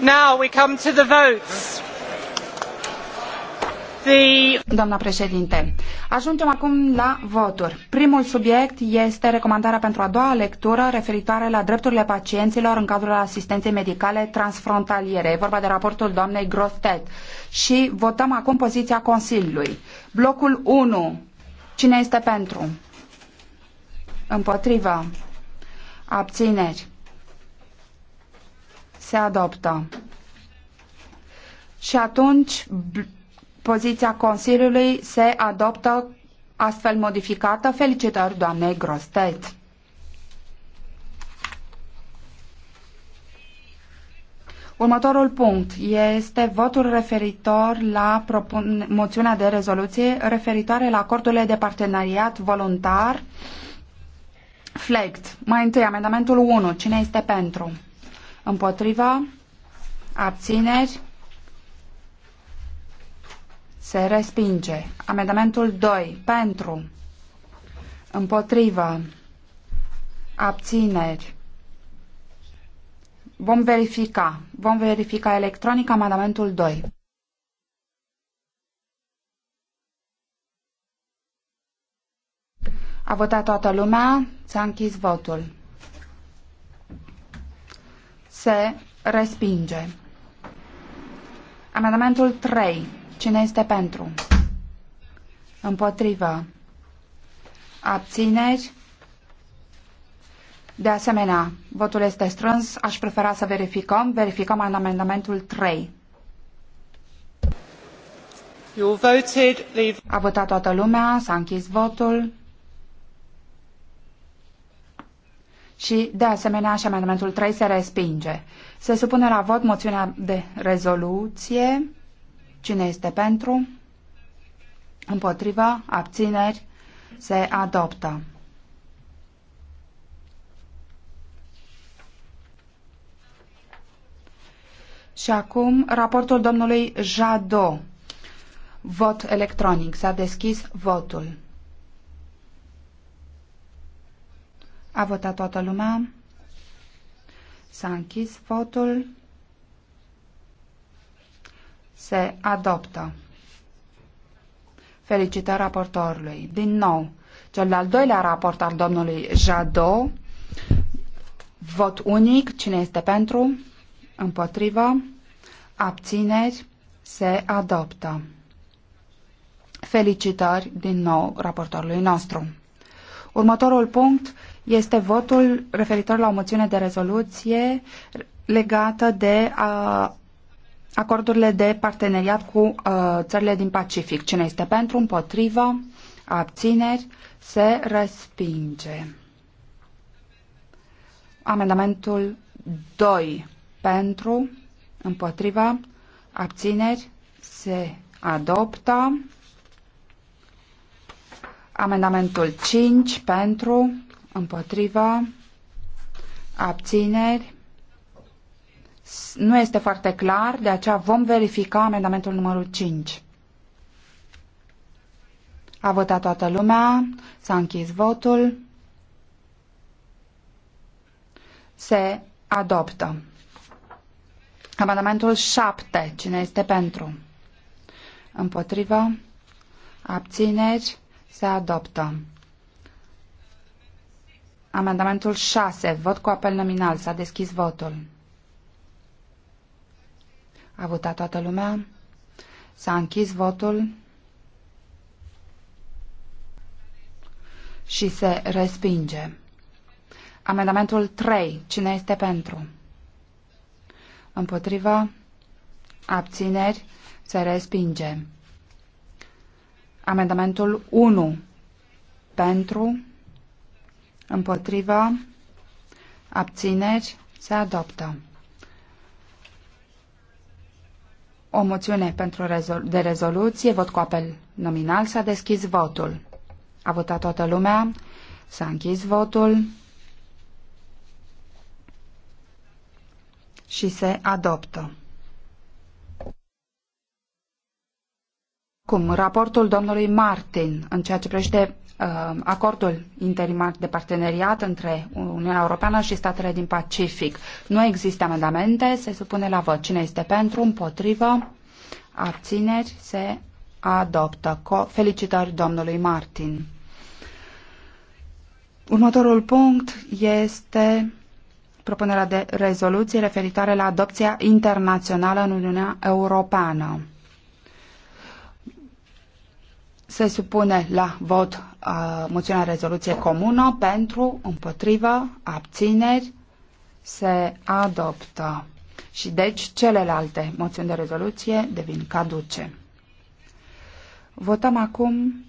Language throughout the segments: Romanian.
Now we come to the votes. The... Doamna președinte, ajungem acum la voturi. Primul subiect este recomandarea pentru a doua lectură referitoare la drepturile pacienților în cadrul asistenței medicale transfrontaliere. E vorba de raportul doamnei Grostet. Și votăm acum poziția Consiliului. Blocul 1. Cine este pentru? Împotriva. Abțineri. Se adoptă. Și atunci poziția Consiliului se adoptă astfel modificată. Felicitări doamnei Grostet. Următorul punct este votul referitor la propun- moțiunea de rezoluție referitoare la acordurile de parteneriat voluntar uh, Flect. Mai întâi, amendamentul 1. Cine este pentru? Împotriva? Abțineri? Se respinge. Amendamentul 2. Pentru. Împotriva. Abțineri. Vom verifica. Vom verifica electronic amendamentul 2. A votat toată lumea, s-a închis votul. Se respinge. Amendamentul 3. Cine este pentru? Împotrivă. Abțineri. De asemenea, votul este strâns. Aș prefera să verificăm. Verificăm amendamentul 3. A votat toată lumea, s-a închis votul. și, de asemenea, și amendamentul 3 se respinge. Se supune la vot moțiunea de rezoluție. Cine este pentru? Împotriva? Abțineri? Se adoptă. Și acum raportul domnului Jado. Vot electronic. S-a deschis votul. A votat toată lumea. S-a închis votul. Se adoptă. Felicitări raportorului. Din nou, cel de-al doilea raport al domnului Jadot. Vot unic. Cine este pentru? Împotrivă. Abțineri. Se adoptă. Felicitări din nou raportorului nostru. Următorul punct este votul referitor la o moțiune de rezoluție legată de a, acordurile de parteneriat cu a, țările din Pacific. Cine este pentru, împotrivă, abțineri, se respinge. Amendamentul 2 pentru, împotrivă, abțineri, se adoptă. Amendamentul 5 pentru, împotriva, abțineri. Nu este foarte clar, de aceea vom verifica amendamentul numărul 5. A votat toată lumea, s-a închis votul, se adoptă. Amendamentul 7. Cine este pentru? Împotriva? Abțineri? Se adoptă. Amendamentul 6. Vot cu apel nominal. S-a deschis votul. A votat toată lumea. S-a închis votul. Și se respinge. Amendamentul 3. Cine este pentru? Împotriva? Abțineri? Se respinge. Amendamentul 1 pentru, împotriva, abțineri, se adoptă. O moțiune pentru rezol de rezoluție, vot cu apel nominal, s-a deschis votul. A votat toată lumea, s-a închis votul și se adoptă. Cum raportul domnului Martin în ceea ce privește uh, acordul interimar de parteneriat între Uniunea Europeană și statele din Pacific. Nu există amendamente, se supune la vot. Cine este pentru, împotrivă, abțineri, se adoptă. Co- felicitări domnului Martin. Următorul punct este propunerea de rezoluție referitoare la adopția internațională în Uniunea Europeană se supune la vot uh, moțiunea rezoluție comună pentru, împotrivă, abțineri, se adoptă. Și deci celelalte moțiuni de rezoluție devin caduce. Votăm acum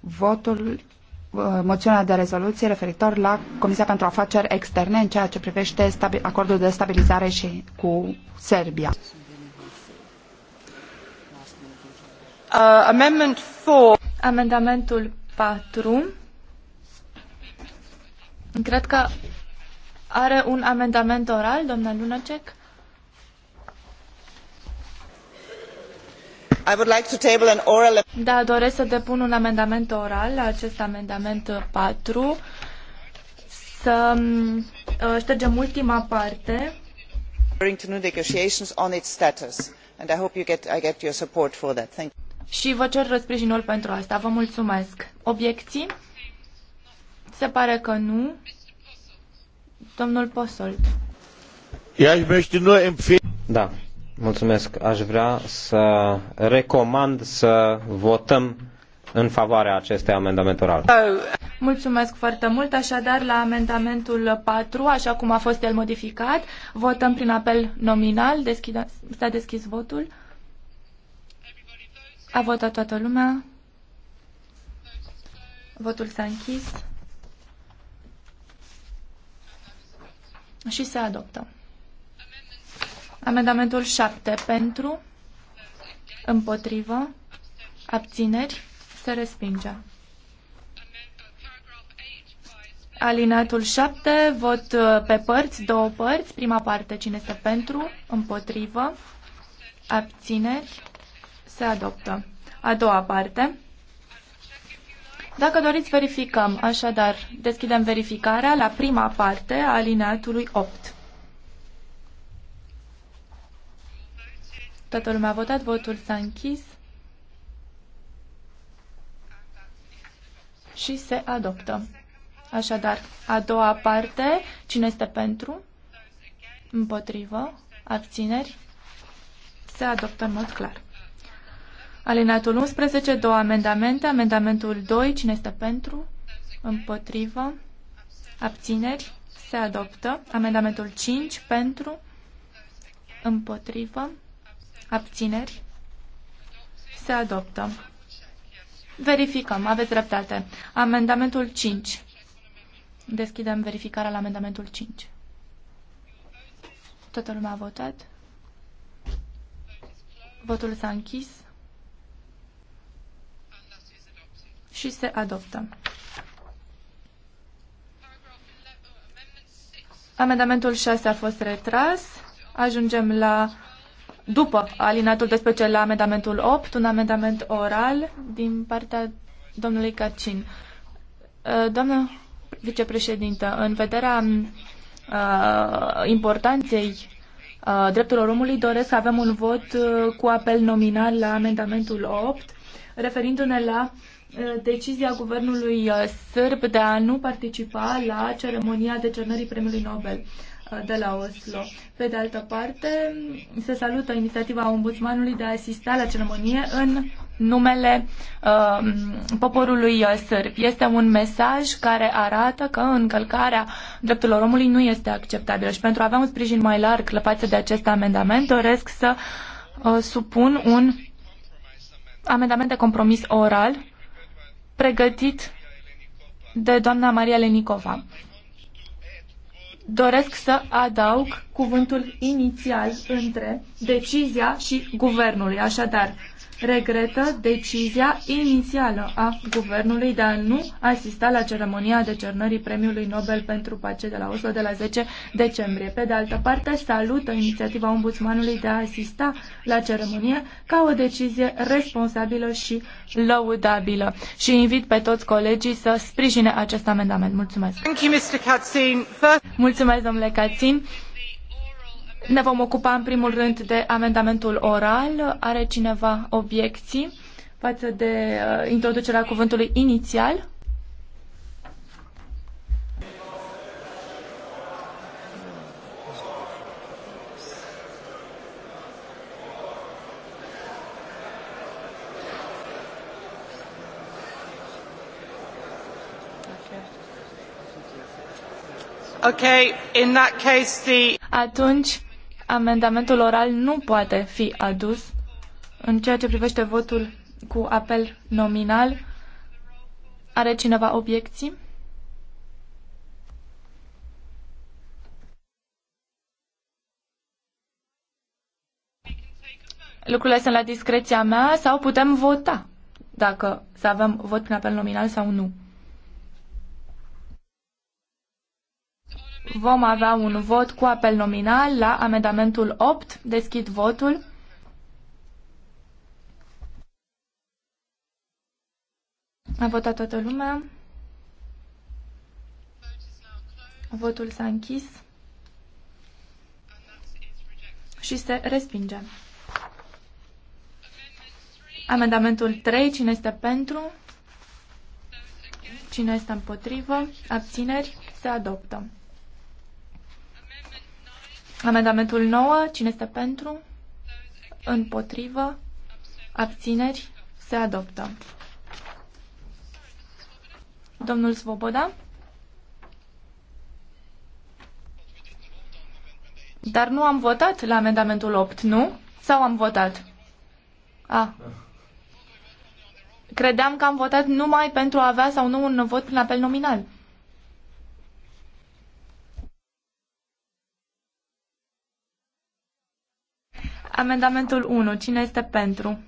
votul, uh, moțiunea de rezoluție referitor la Comisia pentru Afaceri Externe în ceea ce privește acordul de stabilizare și cu Serbia. Uh, amendment 4. Amendamentul 4. Cred că are un amendament oral, doamna Lunacek. I would like to table an oral... Da, doresc să depun un amendament oral la acest amendament 4. Să uh, ștergem ultima parte. ...to new negotiations on its status. And I hope you get, I get your support for that. Thank you și vă cer răsprijinul pentru asta. Vă mulțumesc. Obiecții? Se pare că nu. Domnul Posolt. Da, mulțumesc. Aș vrea să recomand să votăm în favoarea acestei amendament oral. Mulțumesc foarte mult. Așadar, la amendamentul 4, așa cum a fost el modificat, votăm prin apel nominal. Deschid... S-a deschis votul. A votat toată lumea. Votul s-a închis. Și se adoptă. Amendamentul 7 pentru, împotrivă, abțineri, se respinge. Alinatul 7, vot uh, pe părți, două părți. Prima parte, cine este pentru, împotrivă, abțineri, se adoptă. A doua parte. Dacă doriți, verificăm. Așadar, deschidem verificarea la prima parte a alineatului 8. Toată lumea a votat, votul s-a închis și se adoptă. Așadar, a doua parte, cine este pentru? Împotrivă? Abțineri? Se adoptă în mod clar. Alinatul 11, două amendamente. Amendamentul 2, cine este pentru? Împotrivă. Abțineri. Se adoptă. Amendamentul 5, pentru? Împotrivă. Abțineri. Se adoptă. Verificăm, aveți dreptate. Amendamentul 5. Deschidem verificarea la amendamentul 5. Toată lumea a votat. Votul s-a închis. și se adoptă. Amendamentul 6 a fost retras. Ajungem la, după alinatul 12, la amendamentul 8, un amendament oral din partea domnului Cacin. Uh, doamnă vicepreședintă, în vederea uh, importanței uh, drepturilor omului, doresc să avem un vot uh, cu apel nominal la amendamentul 8, referindu-ne la uh, Uh, decizia guvernului uh, sârb de a nu participa la ceremonia decernării premiului Nobel uh, de la Oslo. Pe de altă parte, se salută inițiativa ombudsmanului de a asista la ceremonie în numele uh, poporului sârb. Este un mesaj care arată că încălcarea drepturilor omului nu este acceptabilă și pentru a avea un sprijin mai larg față de acest amendament, doresc să uh, supun un amendament de compromis oral pregătit de doamna Maria Lenicova. Doresc să adaug cuvântul inițial între decizia și guvernului. Așadar, regretă decizia inițială a guvernului de a nu asista la ceremonia decernării Premiului Nobel pentru Pace de la Oslo de la 10 decembrie. Pe de altă parte, salută inițiativa ombudsmanului de a asista la ceremonie ca o decizie responsabilă și lăudabilă și invit pe toți colegii să sprijine acest amendament. Mulțumesc! Mulțumesc, domnule Cațin! Ne vom ocupa în primul rând de amendamentul oral. Are cineva obiecții față de uh, introducerea cuvântului inițial? Okay, in that case the... Atunci, amendamentul oral nu poate fi adus în ceea ce privește votul cu apel nominal. Are cineva obiecții? Lucrurile sunt la discreția mea sau putem vota dacă să avem vot prin apel nominal sau nu. vom avea un vot cu apel nominal la amendamentul 8. Deschid votul. A votat toată lumea. Votul s-a închis și se respinge. Amendamentul 3. Cine este pentru? Cine este împotrivă? Abțineri? Se adoptă. Amendamentul 9. Cine este pentru? Împotrivă? Abțineri? Se adoptă. Domnul Svoboda? Dar nu am votat la amendamentul 8, nu? Sau am votat? A. Ah. Credeam că am votat numai pentru a avea sau nu un vot prin apel nominal. Amendamentul 1. Cine este pentru?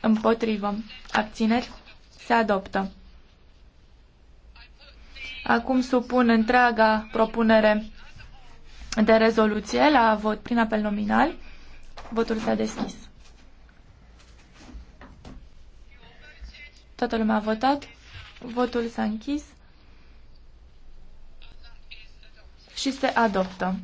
Împotrivă. Abțineri? Se adoptă. Acum supun întreaga propunere de rezoluție la vot prin apel nominal. Votul s-a deschis. Toată lumea a votat. Votul s-a închis. Și se adoptă.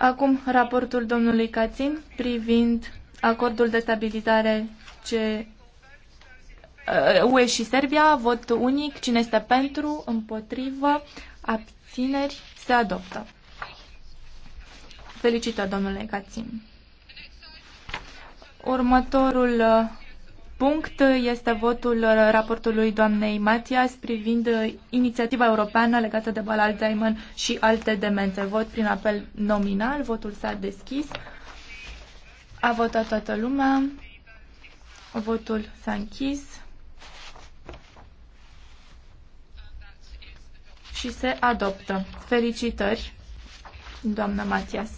Acum raportul domnului Cațin privind acordul de stabilizare ce uh, UE și Serbia, vot unic, cine este pentru, împotrivă, abțineri, se adoptă. felicită domnule Cațin. Următorul uh, punct este votul raportului doamnei Matias privind inițiativa europeană legată de boala Alzheimer și alte demențe. Vot prin apel nominal, votul s-a deschis. A votat toată lumea. Votul s-a închis. Și se adoptă. Felicitări, doamnă Matias.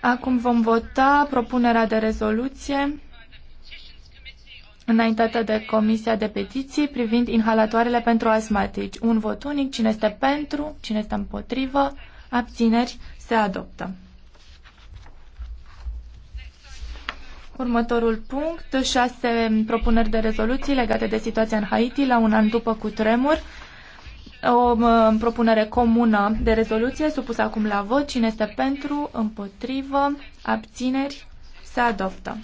Acum vom vota propunerea de rezoluție înaintată de Comisia de Petiții privind inhalatoarele pentru asmatici. Un vot unic, cine este pentru, cine este împotrivă, abțineri, se adoptă. Următorul punct, șase propuneri de rezoluții legate de situația în Haiti la un an după cutremur. O um, propunere comună de rezoluție supusă acum la vot. Cine este pentru, împotrivă, abțineri, se adoptă.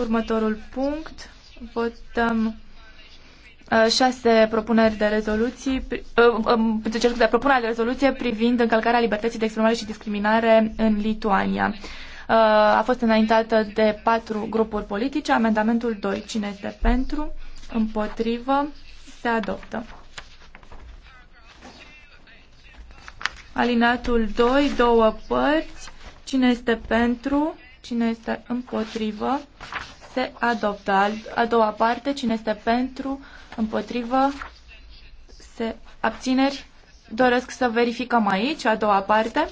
Următorul punct, votăm uh, șase propuneri de rezoluții, uh, um, um, pentru de propunere de rezoluție privind încălcarea libertății de exprimare și discriminare în Lituania. Uh, a fost înaintată de patru grupuri politice. Amendamentul 2. Cine este pentru? Împotrivă? Se adoptă. Alinatul 2, două părți. Cine este pentru? Cine este împotrivă? se adoptă. A doua parte, cine este pentru, împotrivă, se abțineri. Doresc să verificăm aici a doua parte.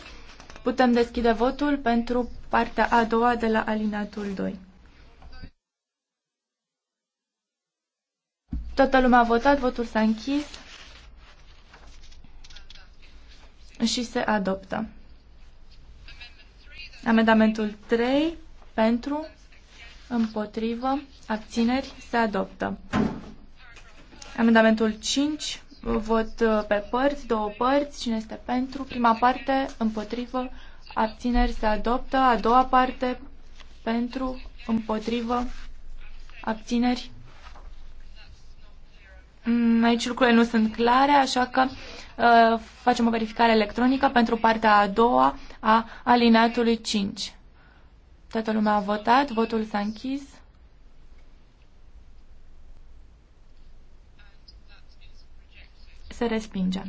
Putem deschide votul pentru partea a doua de la alineatul 2. Toată lumea a votat, votul s-a închis și se adoptă. Amendamentul 3 pentru, Împotrivă. Abțineri. Se adoptă. Amendamentul 5. Vot uh, pe părți, două părți. Cine este pentru? Prima parte. Împotrivă. Abțineri. Se adoptă. A doua parte. Pentru. Împotrivă. Abțineri. Mm, aici lucrurile nu sunt clare, așa că uh, facem o verificare electronică pentru partea a doua a alineatului 5. Toată lumea a votat, votul s-a închis. Se respinge.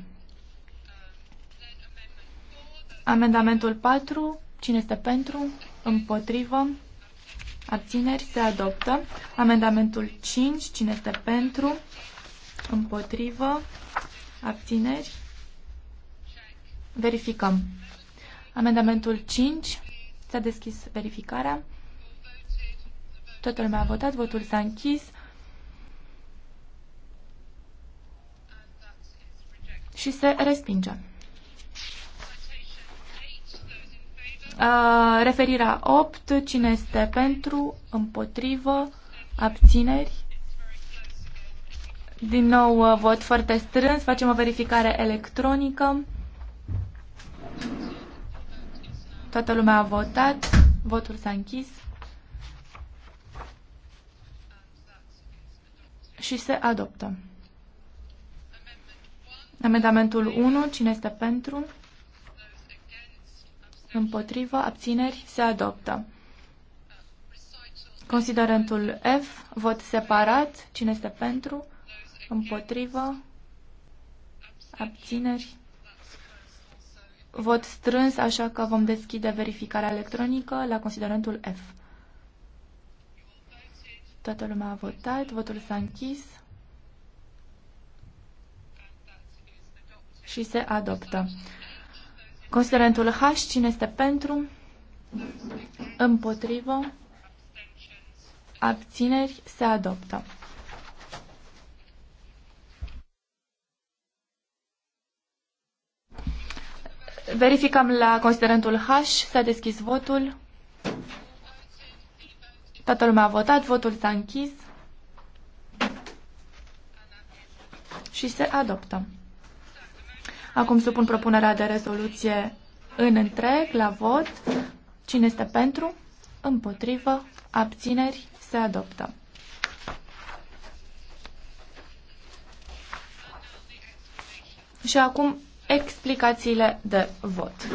Amendamentul 4. Cine este pentru? Împotrivă? Abțineri? Se adoptă. Amendamentul 5. Cine este pentru? Împotrivă? Abțineri? Verificăm. Amendamentul 5. S-a deschis verificarea. Toată lumea a votat, votul s-a închis. Și se respinge. Uh, referirea 8, cine este pentru, împotrivă, abțineri. Din nou uh, vot foarte strâns, facem o verificare electronică. Toată lumea a votat. Votul s-a închis. Și se adoptă. Amendamentul 1. Cine este pentru? Împotrivă. Abțineri. Se adoptă. Considerentul F. Vot separat. Cine este pentru? Împotrivă. Abțineri. Vot strâns, așa că vom deschide verificarea electronică la considerentul F. Toată lumea a votat, votul s-a închis și se adoptă. Considerentul H, cine este pentru? Împotrivă? Abțineri? Se adoptă. Verificăm la considerentul H. S-a deschis votul. Toată lumea a votat, votul s-a închis și se adoptă. Acum supun propunerea de rezoluție în întreg, la vot. Cine este pentru? Împotrivă? Abțineri? Se adoptă. Și acum explicațiile de vot.